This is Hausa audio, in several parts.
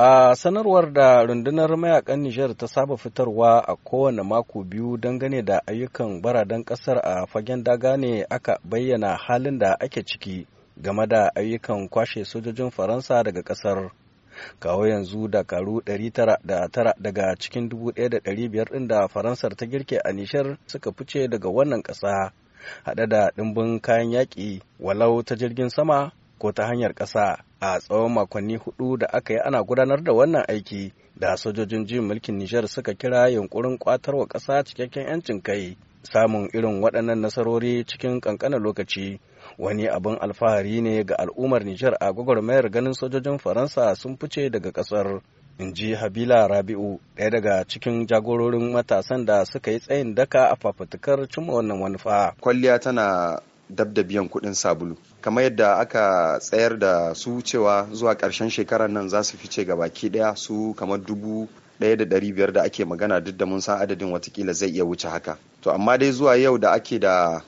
A sanarwar da rundunar mayakan Nijar ta saba fitarwa a kowane mako biyu dangane da ayyukan baradan ƙasar a fagen daga ne aka bayyana halin da ake ciki game da ayyukan kwashe sojojin Faransa daga ƙasar. Kawo yanzu dakaru 909 daga cikin 1,500 ɗin da Faransar ta girke a Nijar suka fice daga wannan ƙasa, haɗe da ɗimbin kayan yaƙi walau ta jirgin sama ko ta hanyar ƙasa. a tsawon makonni hudu da aka yi ana gudanar da wannan aiki da sojojin jin mulkin nijar suka kira yunkurin kwatarwa ƙasa cikakken 'yancin kai samun irin waɗannan nasarori cikin ƙanƙanin lokaci wani abin alfahari ne ga al'ummar nijar a gwagwarmayar ganin sojojin faransa sun fice daga ƙasar in ji habila rabi'u ɗaya daga cikin jagororin matasan da suka yi tsayin daka a fafutukar cimma wannan manufa kwalliya tana dab da biyan kuɗin sabulu kamar yadda aka tsayar da su cewa zuwa ƙarshen shekarar nan za su fice ga baki ɗaya su kamar dubu ɗaya da ɗari biyar da ake magana duk da mun san adadin watakila zai iya wuce haka to amma dai zuwa yau da ake da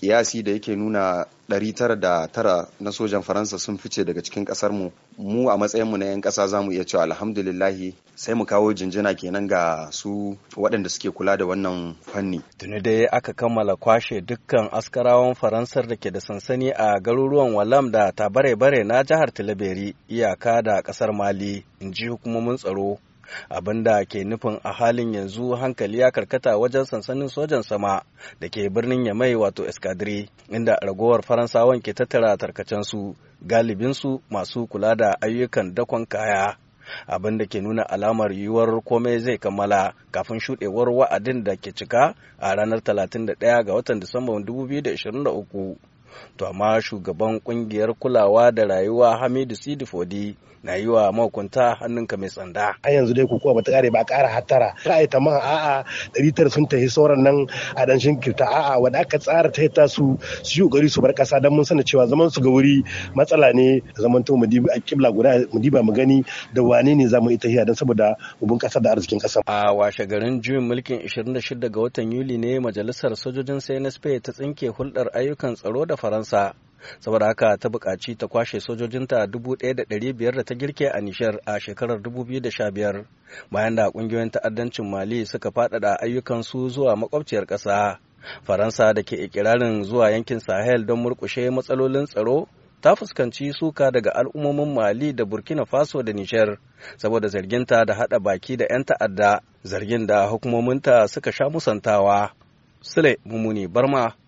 kiyasi da yake nuna 909 na sojan faransa sun fice daga cikin kasar mu mu a matsayinmu na 'yan kasa zamu iya cewa alhamdulillahi sai mu kawo jinjina kenan ga su waɗanda suke kula da wannan fanni tuni dai aka kammala kwashe dukkan askarawan faransar da ke da sansani a garuruwan walam da tabare bare na jihar tilaberi iyaka da kasar mali in ji hukumomin tsaro abinda ke nufin a halin yanzu hankali ya karkata wajen sansanin sojan sama da ke birnin yamai wato eskadiri inda ragowar faransawan ke tattara tarkacensu galibinsu masu kula da ayyukan dakon kaya abin da ke nuna alamar yiwuwar komai zai kammala kafin shuɗewar wa'adin da ke cika a ranar 31 ga watan Disamba 2023. to amma shugaban kungiyar kulawa da rayuwa hamidu sidi fodi na yi wa mahukunta hannunka mai tsanda a yanzu dai kukuwa bata kare ba kara hattara ra'ayi ta man a'a ɗari tara sun tafi sauran nan a dan shinkirta a'a wanda aka tsara ta ta su su yi kokari su bar kasa don mun sana cewa zaman su ga wuri matsala ne zaman to mu a kibla guda mu diba mu gani da wane ne za mu ita hiya dan saboda ubun kasa da arzikin kasa a washe garin juyin mulkin 26 ga watan Yuli ne majalisar sojojin sai ta tsinke hulɗar ayyukan tsaro da Faransa. saboda haka ta buƙaci ta kwashe sojojinta 1,500 da ta girke a nishar a shekarar 2015 bayan da ƙungiyoyin ta'addancin mali suka faɗaɗa ayyukansu zuwa makwabciyar ƙasa faransa da ke ikirarin zuwa yankin sahel don murƙushe matsalolin tsaro ta fuskanci suka daga al'ummomin mali da burkina faso da nishar saboda zarginta da haɗa baki da 'yan ta'adda zargin da hukumominta suka sha musantawa sule barma